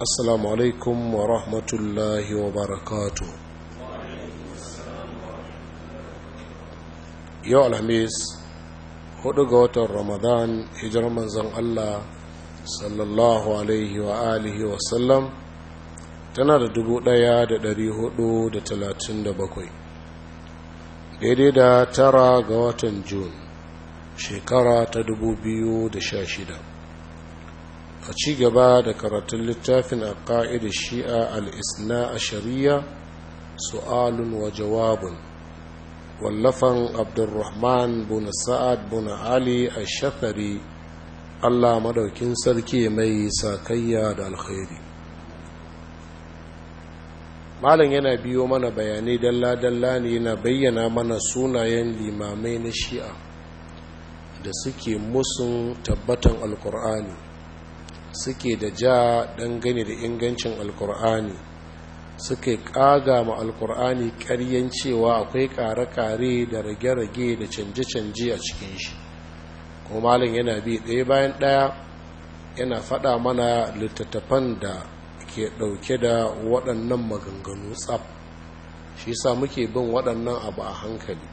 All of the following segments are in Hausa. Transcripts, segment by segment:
assalamu alaikum wa rahmatullahi wa barakatu yau alhamis hudu ga watan ramadan hijirar manzan allah sallallahu alaihi wa alihi wa sallam tana da dubu daya da dari hudu da talatin da bakwai daidai da tara ga watan Jun shekara ta dubu biyu da sha shida a ci gaba da karatun littafin a ƙa'idar shi'a al'isna a shari'a su'alun wa jawabin, wallafan abdurrahman buna sa'ad buna ali a shafari allah madaukin sarki mai sakayya da alkhairi malam yana biyo mana bayanai dalla-dalla ne yana bayyana mana sunayen limamai na shi'a da suke musun tabbatan alkur'ani suke da ja dangane da ingancin alkur'ani suke kaga ma alkur'ani karyan cewa akwai kare-kare da rage-rage da canje-canje a cikin shi kuma malin yana bi ɗaya bayan ɗaya yana faɗa mana littattafan da ke ɗauke da waɗannan maganganu tsab shi sa muke bin waɗannan abu a hankali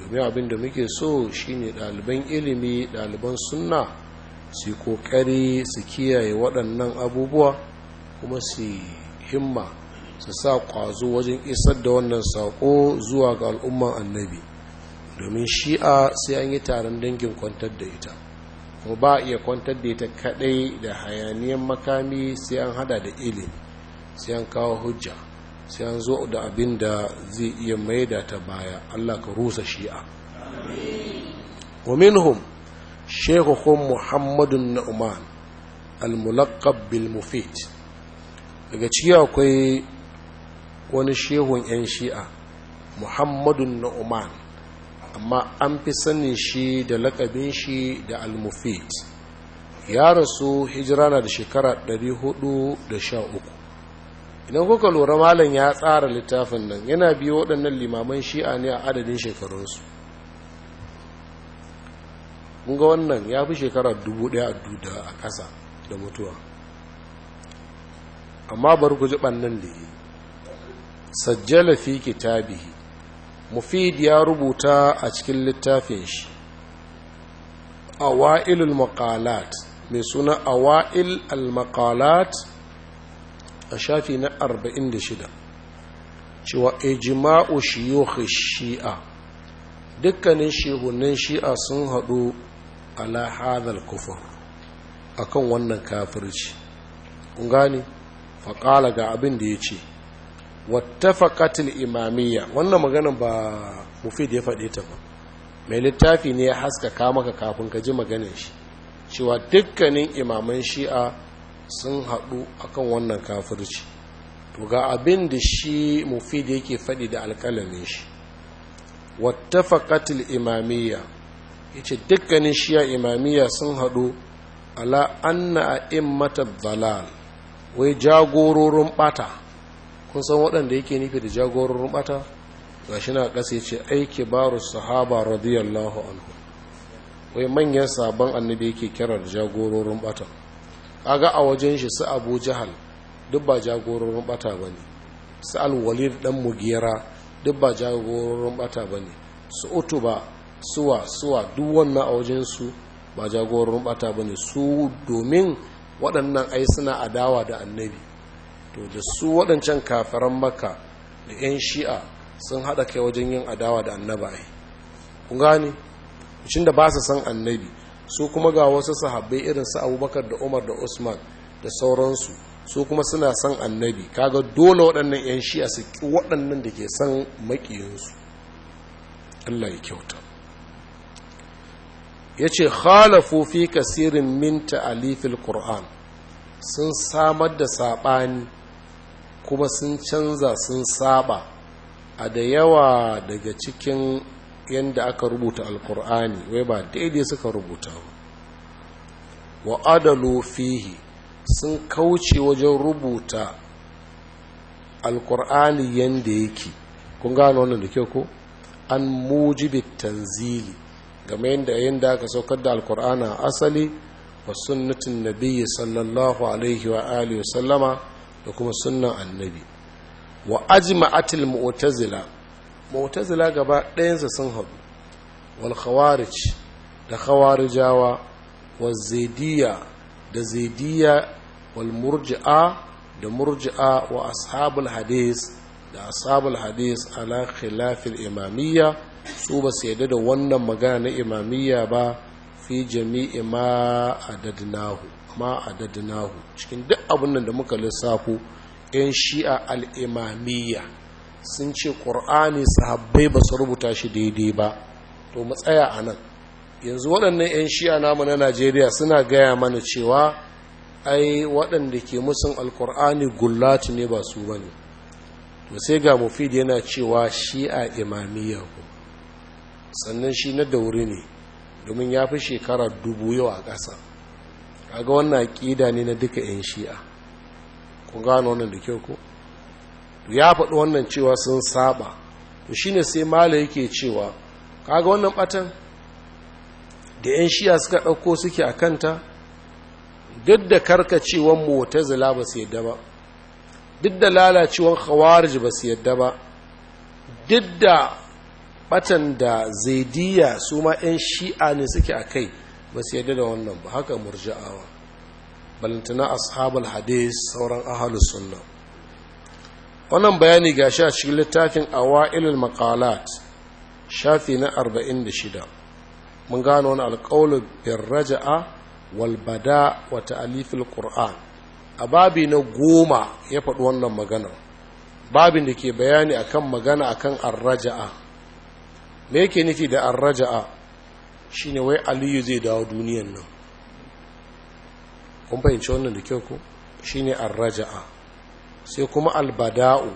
domin abin da muke so shine ɗaliban ilimi ɗaliban sunna su kokari su kiyaye waɗannan abubuwa kuma su himma su sa ƙwazo wajen isar da wannan saƙo zuwa ga al'umman annabi domin shi'a sai an yi taron dangin kwantar da ita ko ba iya kwantar da ita kaɗai da hayaniyan makami sai an hada da ilimi sai an kawo hujja sai an zo da abin da zai iya maida ta baya allah ka rusa shi'a wa minhum shekuhun Muhammadu na'uman al-mulaqab daga ciki akwai wani shehun 'yan shi'a Muhammadu na'uman amma an fi sanin shi da lakabin shi da al ya rasu hijira na da shekara 413 idan kuka lura malam ya tsara littafin nan yana biyo waɗannan limaman shi'a ne a adadin shekarunsu ga wannan ya fi shekara dubu daya a duda a kasa da mutuwa amma bar guji ɓannan da yi sajjala fi kitabihi mufid ya rubuta a cikin littafin shi al maqalat mai suna awa'il al-maqalat a shafi na 46 cewa ijma'u shiyukh shi'a dukkanin shehunan shi'a sun haɗu ala hadhal kufur akan wannan kafirci kun gane faƙala ga abin da ya ce wattafaqatil imamiyya wannan magana ba mufid ya fade ta ba mai littafi ne ya haskaka maka kafin ka ji maganar shi cewa dukkanin imaman shi'a sun hadu akan wannan kafirci to ga abin da shi mufid yake faɗi da alƙalamin shi wattafaqatil imamiyya ya ce dukkanin shiya imamiyya sun haɗu ala anna a immata zalal wai jagororin ɓata kun san waɗanda yake nufi da jagororin ɓata ga shi na ƙasa ya ce aiki baru sahaba radiyallahu anhu wai manyan sabon annabi yake kira da jagororin ɓata kaga a wajen shi su abu jahal duk ba jagororin ɓata ba ne su alwalid ɗan mugera duk ba jagororin ɓata ba ne su utu ba suwa suwa duk wannan a wajen su ba jagoran bata ba ne su domin waɗannan ai suna adawa da annabi to da su waɗancan kafaran maka da 'yan shi'a sun haɗa kai wajen yin adawa da annaba ai ku gane cikin da ba su san annabi su kuma ga wasu sahabbai irin su abubakar da umar da usman da sauransu su kuma suna san annabi kaga dole waɗannan 'yan shi'a su waɗannan da ke san maƙiyinsu allah ya kyauta ya ce khalafu fi kasirin minta alifil qur'an sun samar da saɓani kuma sun canza sun saba a da yawa daga cikin yadda aka rubuta alkur'ani wai ba daidai suka rubuta wa adalu fihi sun kauce wajen rubuta alkur'ani yadda yake kun gano wannan da kyau ko an mujibi tanzili game yadda yin da aka saukar da alkur'ana asali wa sunnatin nabiyyi sallallahu alaihi wa alihi wa sallama da kuma sunnan annabi wa ajma'atil mu'tazila mu'tazila gaba ɗayansa sun hadu wal khawarij da khawarijawa wa zaidiyya da zaidiyya wal murji'a da murji'a wa ashabul hadis da ashabul hadis ala khilafil imamiyya su ba su yadda da wannan magana na imamiyya ba fi jami'i ma adadnahu ma adadnahu cikin duk abin da muka lissafo yan shi'a al'imamiyya sun ce ƙur'ani sahabbai ba su rubuta shi daidai ba to mu tsaya a nan yanzu waɗannan 'yan shi'a namu na najeriya suna gaya mana cewa ai waɗanda ke musun alkur'ani gullatu ne ba su ba ne to sai ga mufid yana cewa shi'a imamiyya ku sannan shi na dauri ne domin ya fi shekara dubu yau a ƙasa kaga wannan aƙida ne na duka 'yan shi'a ku gano wannan da kyau ko ya faɗi wannan cewa sun saba to shine sai mala yake cewa kaga wannan batan da 'yan shi'a suka ɗauko suke a kanta duk da karkacewan zila ba su yadda ba duk da lalacewa khawarij ba su yadda ba duk da batan da zaidiya su ma 'yan shi'a ne suke a kai ba su yadda da wannan ba haka murja'awa balantana ashabul hadis sauran ahalus sunna wannan bayani ga shi a cikin littafin awailul maqalat shafi na 46 mun gano wani alƙawlu bin raja'a walbada bada wa ta'alifil qur'an a babi na goma ya faɗi wannan magana babin da ke bayani akan magana akan arraja'a me yake nufi da an raja'a shi ne wai aliyu zai dawo duniyan nan kun fahimci wannan da kyau ko shi ne an raja'a sai kuma albada'u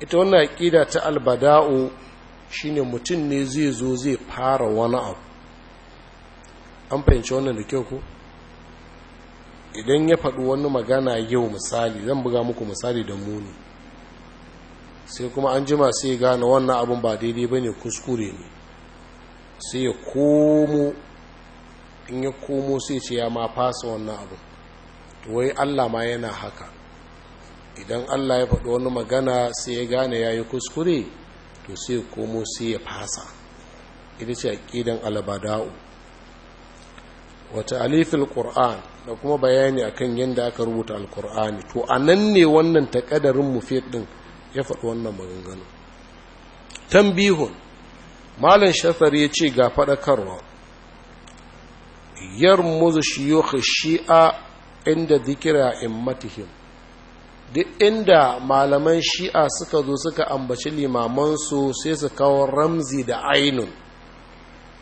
ita wannan aƙida ta albada'u shi ne mutum ne zai zo zai fara wani abu an fahimci wannan da kyau ko idan ya faɗi wani magana yau misali zan buga muku misali da muni sai kuma an jima sai gane wannan abin ba daidai ba ne kuskure ne sai ya komo in ya komo sai ce ya ma fasa wannan abin wai allah ma yana haka idan allah ya faɗi wani magana sai ya gane ya yi kuskure to sai ya komo sai ya fasa ita ce aƙidan albada'u wata alifin ƙur'an da kuma bayani akan yadda aka rubuta alƙur'ani to a nan ne wannan taƙadarin mufid ɗin ya faɗi wannan maganganu tambihun malam shafar ya ce ga faɗakarwa yar shiyukh shi'a inda zikira immatihim duk inda malaman shi'a suka zo suka ambaci limamansu sai su kawo ramzi da ainun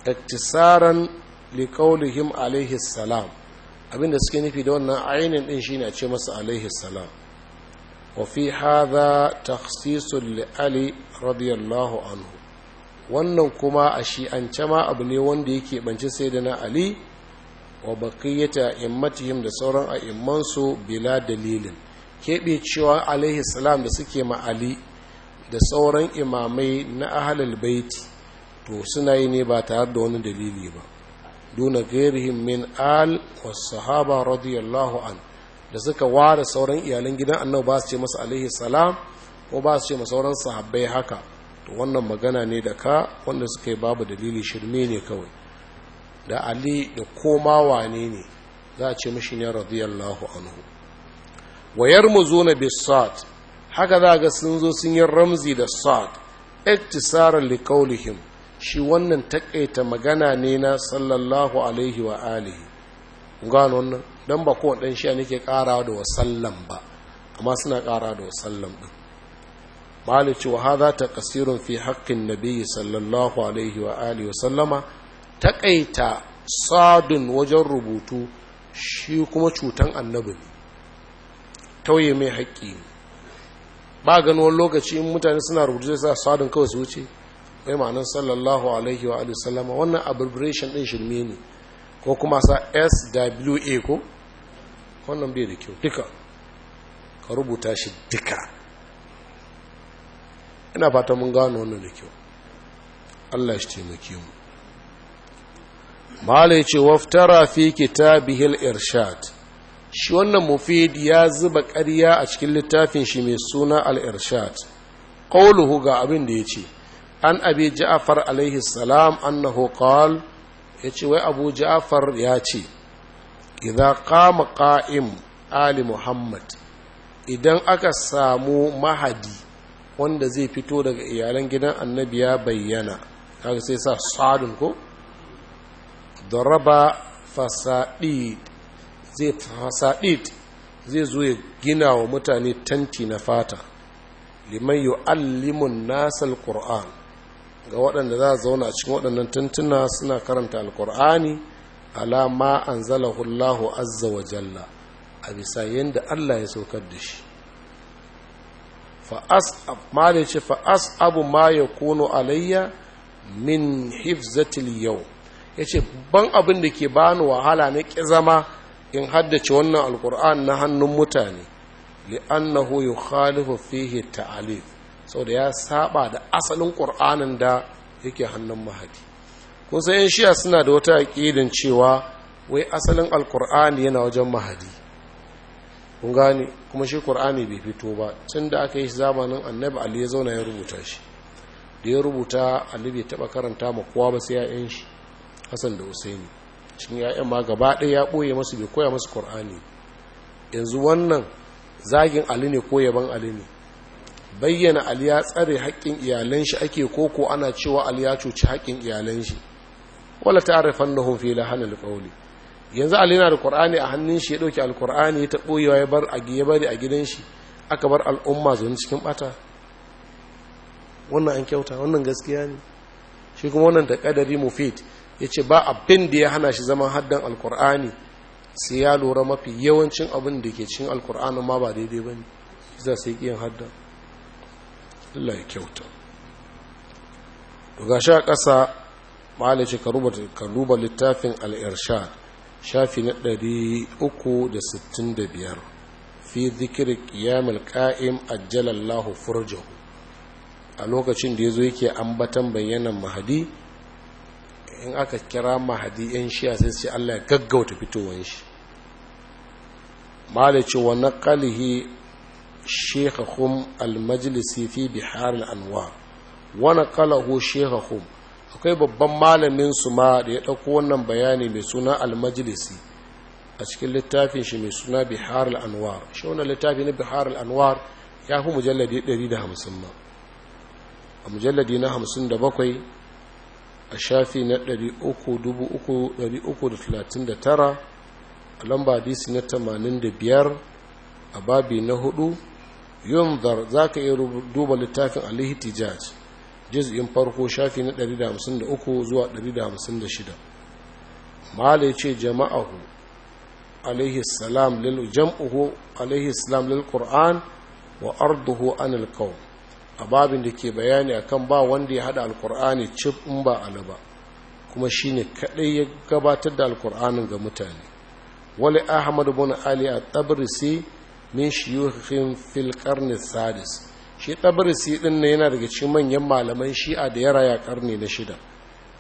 iktisaran liqaulihim alaihi salam abinda suke nufi da wannan ainin din shine a ce masa alaihi salam وفي هذا تخصيص لعلي رضي الله عنه wannan kuma a an cama abu ne wanda yake banci sai da na ali wa baqiyata immatihim da sauran a'immansu bila dalilin keɓe cewa alaihi salam da suke ma ali da sauran imamai na ahlul baiti to suna yi ne ba tare da wani dalili ba duna gairihim min al wa sahaba radiyallahu anhu da suka ware sauran iyalan gidan annabu ba su ce masa alaihi salam ko ba su ce masa sauran sahabbai haka to wannan magana ne da ka wanda suka yi babu dalili shirme ne kawai da ali da koma wane ne za a ce mashi ne radiyallahu anhu wayar mu zo na bisat haka za ga sun zo sun yi ramzi da sat iktisaran liqaulihim shi wannan takaita magana ne na sallallahu alaihi wa alihi gano wannan don ba kowane ɗan shiya nake ƙarawa da wasallam ba amma suna ƙarawa da wasallam ɗin malici wa za ta kasirun fi haƙƙin nabi sallallahu alaihi wa alihi wa sallama taƙaita sadin wajen rubutu shi kuma cutan annabi ne tauye mai haƙƙi ne ba gani wani lokaci in mutane suna rubutu zai sa sadin kawai su wuce wai ma'anin sallallahu alaihi wa alihi sallama wannan abbreviation ɗin shirme ne ko kuma sa swa ko wannan bai da kyau duka ka rubuta shi duka ina fata mun gano wannan da kyau Allah shi taimake mu mala ya ce waftara fi kitabihil irshad shi wannan mufid ya zuba ƙarya a cikin littafin shi mai suna al-irshad qawluhu ga abin da yace an abi ja'far alaihi salam annahu qala yace wai abu ja'far ya ce idan kama ka'im ali muhammad idan aka samu mahadi wanda zai fito daga iyalan gidan annabi ya bayyana kaga sai sa sadun ko daraba fasadid zai fasadid zai zo ya gina wa mutane tanti na fata liman yu'allimun nasal qur'an ga waɗanda za a zauna cikin waɗannan tantuna suna karanta alkur'ani alama an zalahullahu azza wa jalla a bisa yadda Allah ya saukar da shi ma ce fa'as abu ma ya kono alayya min hifzatil yau ya ce ban abin da ke bani wahala na ƙi zama in haddace wannan alkur'an na hannun mutane li'annahu yukhalifu fihi ta'alif sau da ya saba da asalin ƙur'anin da yake hannun mahadi kun san shiya suna da wata aƙidin cewa wai asalin alkur'ani yana wajen mahadi kun gane kuma shi kur'ani bai fito ba tun da aka yi zamanin annabi ali ya zauna ya rubuta shi da ya rubuta ali bai taɓa karanta ma kowa ba sai ya'yan shi hassan da usaini cikin ya'yan ma gaba ɗaya ya ɓoye masu bai koya masu kur'ani yanzu wannan zagin ali ne ko yaban ali ne bayyana ali ya tsare haƙƙin iyalan shi ake koko ana cewa ali ya cuci haƙƙin iyalan shi wala ta'rifannahum fi lahanil qawli yanzu ali yana da qur'ani a hannun shi ya dauki alqur'ani ta boyewa ya bar a ya bari a gidan shi aka bar al'umma zuwa cikin bata wannan an kyauta wannan gaskiya ne shi kuma wannan da kadari mufid yace ba abin da ya hana shi zaman haddan alqur'ani sai ya lura mafi yawancin abin da ke cikin alqur'ani ma ba daidai bane za sai kiyin haddan Allah ya kyauta to gashi a ƙasa ma'ala ce ka duba littafin al'irshad shafi na 365 fi ya milƙa'im ka'im jalallahu furjahu a lokacin da ya zo yake ambatan bayanan mahadi in aka kira mahadi yan shiya sai sai Allah ya gaggauta fitowar shi ma'ala ce wa naqalihi shekhakum al-majlisi fi bihar anwar wa naqalahu shekhakum akwai babban malamin su ma da ya ɗauko wannan bayani mai suna almajlisi a cikin littafin shi mai suna bihar al'anwar shi wannan littafi na bihar al'anwar ya fi mujalladi 150 ma a mujalladi na 57 a shafi na 339 a lamba disi na 85 a babi na 4 zar za ka iya duba littafin jaji juz'in farko shafi na 153 zuwa 156 mala ya ce jama'ahu alaihi salam lil jam'uhu salam lil qur'an wa arduhu anil qawm a babin da ke bayani akan ba wanda ya hada alqur'ani cif in ba alaba kuma shine kadai ya gabatar da alqur'anin ga mutane wali ahmad ibn ali a tabrisi min shuyukhihim fil qarn sadis shi tabarisi din ne yana daga cikin manyan malaman shi'a da ya raya karni na shida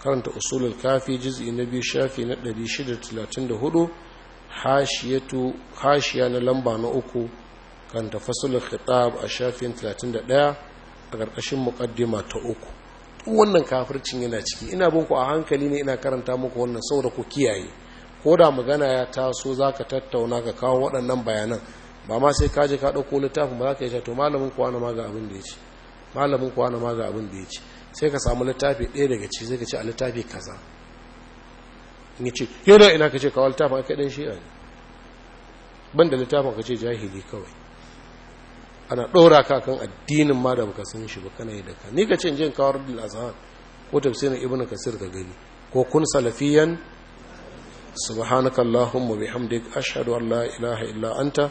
karanta usulul kafi juz'i na biyu shafi na 634 hashiyatu hashiya na lamba na uku karanta fasulul khitab a shafin 31 a ƙarƙashin muqaddima ta uku duk wannan kafircin yana ciki ina bin ku a hankali ne ina karanta muku wannan saboda ku kiyaye ko da magana ya taso zaka tattauna ka kawo waɗannan bayanan ba ma sai kaje ka ɗauko littafin ba za ka yi shato malamin kuwa na ma ga abin da ya ce malamin kuwa na ma ga abin da ya ce sai ka samu littafi ɗaya daga ci sai ka ce a littafi kaza in ya ce yana ina ka ce kawo littafin aka ɗan shi ne ban da littafin ka ce jahili kawai ana ɗora ka kan addinin ma da baka san shi ba kana yi da ka ni ka ce in je in kawo rabbil azhar ko tafsirin ibnu kasir ka gani ko kun salafiyan subhanakallahumma bihamdik ashhadu an la ilaha illa anta